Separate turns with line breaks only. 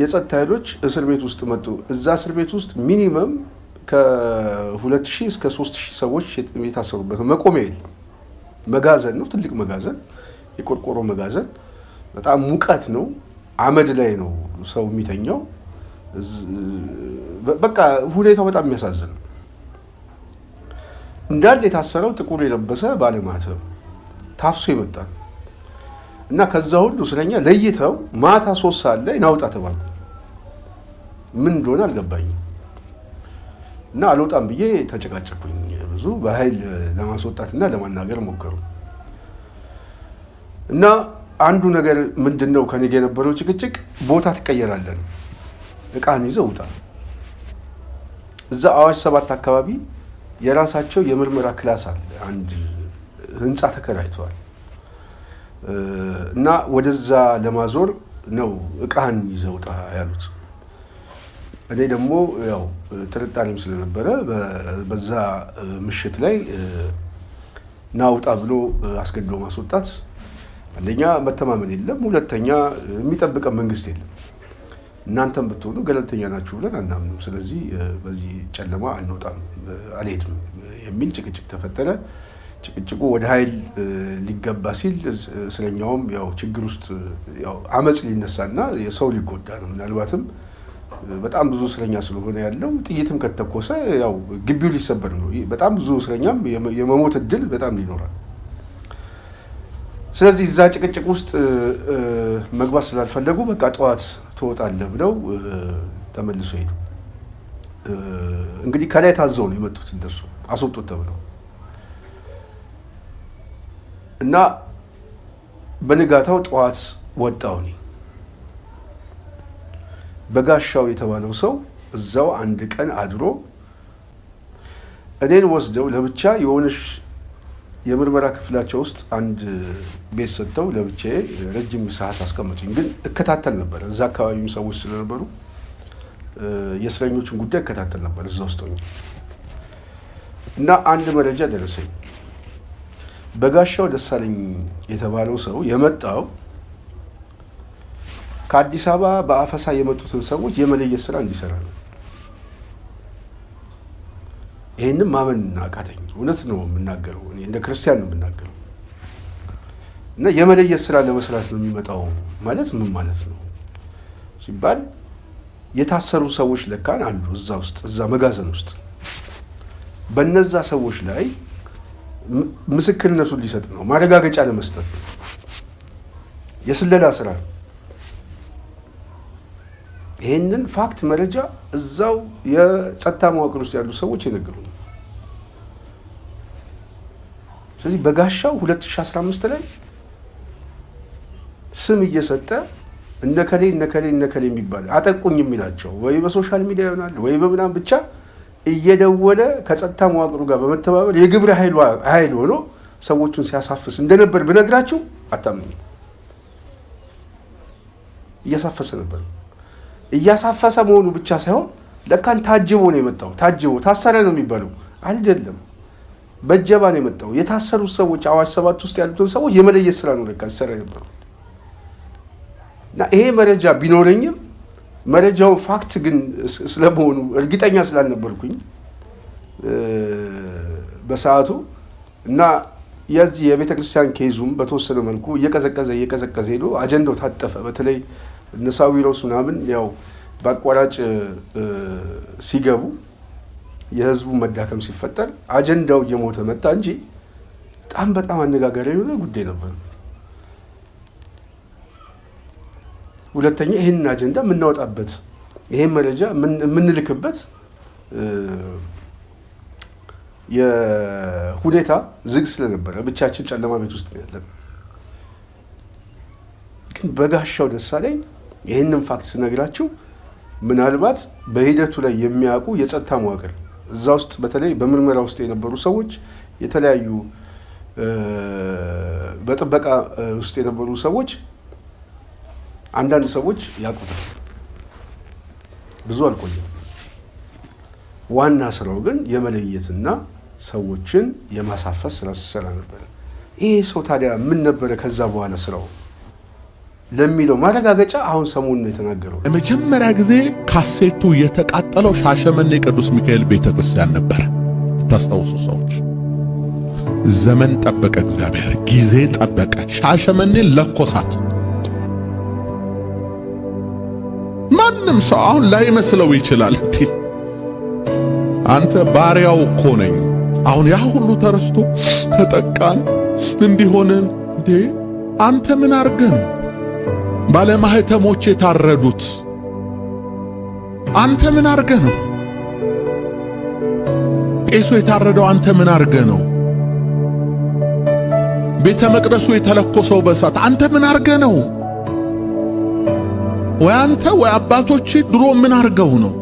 የጸጥታ ኃይሎች እስር ቤት ውስጥ መጡ። እዛ እስር ቤት ውስጥ ሚኒመም ከ ሺህ እስከ ሶስት ሰዎች የታሰሩበት መቆሚያ የለም። መጋዘን ነው፣ ትልቅ መጋዘን፣ የቆርቆሮ መጋዘን። በጣም ሙቀት ነው። አመድ ላይ ነው ሰው የሚተኛው። በቃ ሁኔታው በጣም የሚያሳዝን ነው። እንዳለ የታሰረው ጥቁር የለበሰ ባለማተብ ታፍሶ ይመጣል እና ከዛ ሁሉ ስለኛ ለይተው ማታ ሶስት ሰዓት ላይ ናውጣ ተባልኩ። ምን እንደሆነ አልገባኝም እና አልወጣም ብዬ ተጨቃጨኩኝ። ብዙ በኃይል ለማስወጣትና ለማናገር ሞከሩ እና አንዱ ነገር ምንድን ነው ከኔ ጋ የነበረው ጭቅጭቅ ቦታ ትቀየራለን፣ እቃህን ይዘው ውጣ። እዛ አዋሽ ሰባት አካባቢ የራሳቸው የምርመራ ክላስ አለ። አንድ ህንፃ ተከራይተዋል እና ወደዛ ለማዞር ነው እቃህን ይዘህ ውጣ ያሉት። እኔ ደግሞ ያው ጥርጣሬም ስለነበረ በዛ ምሽት ላይ ናውጣ ብሎ አስገድዶ ማስወጣት አንደኛ መተማመን የለም፣ ሁለተኛ የሚጠብቀን መንግስት የለም። እናንተም ብትሆኑ ገለልተኛ ናችሁ ብለን አናምንም። ስለዚህ በዚህ ጨለማ አንወጣም፣ አልሄድም የሚል ጭቅጭቅ ተፈጠረ። ጭቅጭቁ ወደ ኃይል ሊገባ ሲል ስለኛውም ያው ችግር ውስጥ ያው አመፅ ሊነሳና የሰው ሊጎዳ ነው ምናልባትም በጣም ብዙ እስረኛ ስለሆነ ያለው ጥይትም ከተኮሰ ያው ግቢው ሊሰበር ነው። በጣም ብዙ እስረኛም የመሞት እድል በጣም ይኖራል። ስለዚህ እዛ ጭቅጭቅ ውስጥ መግባት ስላልፈለጉ በቃ ጠዋት ትወጣለህ ብለው ተመልሶ ሄዱ። እንግዲህ ከላይ ታዘው ነው የመጡት እንደሱ አስወጡት ተብለው እና በንጋታው ጠዋት ወጣው እኔ በጋሻው የተባለው ሰው እዛው አንድ ቀን አድሮ እኔን ወስደው ለብቻ የሆነሽ የምርመራ ክፍላቸው ውስጥ አንድ ቤት ሰጥተው ለብቻዬ ረጅም ሰዓት አስቀምጡኝ። ግን እከታተል ነበር፣ እዛ አካባቢም ሰዎች ስለነበሩ የእስረኞችን ጉዳይ እከታተል ነበር እዛ ውስጥ ሆኜ እና አንድ መረጃ ደረሰኝ። በጋሻው ደሳለኝ የተባለው ሰው የመጣው ከአዲስ አበባ በአፈሳ የመጡትን ሰዎች የመለየት ስራ እንዲሰራ ነው። ይህንም ማመን አቃተኝ። እውነት ነው የምናገረው፣ እንደ ክርስቲያን ነው የምናገረው። እና የመለየት ስራ ለመስራት ነው የሚመጣው። ማለት ምን ማለት ነው ሲባል የታሰሩ ሰዎች ለካን አሉ እዛ ውስጥ እዛ መጋዘን ውስጥ በነዛ ሰዎች ላይ ምስክርነቱን ሊሰጥ ነው፣ ማረጋገጫ ለመስጠት ነው። የስለላ ስራ ነው። ይህንን ፋክት መረጃ እዛው የጸጥታ መዋቅር ውስጥ ያሉ ሰዎች የነገሩ ነው። ስለዚህ በጋሻው 2015 ላይ ስም እየሰጠ እነከሌ እነከሌ እነከሌ የሚባል አጠቁኝ የሚላቸው ወይ በሶሻል ሚዲያ ይሆናል ወይ በምናም ብቻ እየደወለ ከጸጥታ መዋቅሩ ጋር በመተባበር የግብረ ኃይል ሆኖ ሰዎቹን ሲያሳፍስ እንደነበር ብነግራችሁ አታምኑ። እያሳፈሰ ነበር። እያሳፈሰ መሆኑ ብቻ ሳይሆን ለካን ታጅቦ ነው የመጣው። ታጅቦ ታሰረ ነው የሚባለው አይደለም፣ በጀባ ነው የመጣው። የታሰሩት ሰዎች አዋጅ ሰባት ውስጥ ያሉትን ሰዎች የመለየት ስራ ነው ለካ ሲሰራ የነበረው እና ይሄ መረጃ ቢኖረኝም መረጃውን ፋክት ግን ስለመሆኑ እርግጠኛ ስላልነበርኩኝ በሰዓቱ እና የዚህ የቤተ ክርስቲያን ኬዙም በተወሰነ መልኩ እየቀዘቀዘ እየቀዘቀዘ ሄዶ አጀንዳው ታጠፈ። በተለይ እነሳዊሮስ ምናምን ያው በአቋራጭ ሲገቡ የህዝቡ መዳከም ሲፈጠር አጀንዳው እየሞተ መጣ እንጂ በጣም በጣም አነጋጋሪ የሆነ ጉዳይ ነበር። ሁለተኛ ይህንን አጀንዳ የምናወጣበት ይሄን መረጃ የምንልክበት የሁኔታ ዝግ ስለነበረ ብቻችን ጨለማ ቤት ውስጥ ነው ያለን። ግን በጋሻው ደሳለኝ ይህንን ፋክት ስነግራችሁ ምናልባት በሂደቱ ላይ የሚያውቁ የጸጥታ መዋቅር እዛ ውስጥ በተለይ በምርመራ ውስጥ የነበሩ ሰዎች የተለያዩ በጥበቃ ውስጥ የነበሩ ሰዎች አንዳንድ ሰዎች ያውቁታል። ብዙ አልቆየም። ዋና ስራው ግን የመለየትና ሰዎችን የማሳፈስ ስራ ስሰራ ነበረ። ይህ ሰው ታዲያ ምን ነበረ ከዛ በኋላ ስራው? ለሚለው ማረጋገጫ አሁን ሰሞኑን ነው የተናገረው። ለመጀመሪያ ጊዜ ካሴቱ የተቃጠለው ሻሸመኔ ቅዱስ ሚካኤል ቤተክርስቲያን ነበር። ታስታውሱ ሰዎች፣ ዘመን ጠበቀ፣ እግዚአብሔር ጊዜ ጠበቀ። ሻሸመኔ ለኮሳት። ማንም ሰው አሁን ላይመስለው ይችላል። አንተ ባሪያው እኮ ነኝ። አሁን ያ ሁሉ ተረስቶ ተጠቃን እንዲሆንን እንዴ አንተ ምን አርገን ባለማህተሞች የታረዱት አንተ ምን አርገ ነው? ቄሱ የታረደው አንተ ምን አርገ ነው? ቤተ መቅደሱ የተለኮሰው በሳት አንተ ምን አርገ ነው? ወይ አንተ ወይ አባቶች ድሮ ምን አርገው ነው?